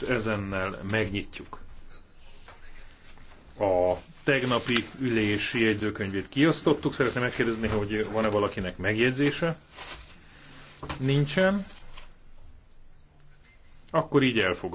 Most ezennel megnyitjuk. A tegnapi ülési jegyzőkönyvét kiosztottuk. Szeretném megkérdezni, hogy van-e valakinek megjegyzése? Nincsen. Akkor így elfogadjuk.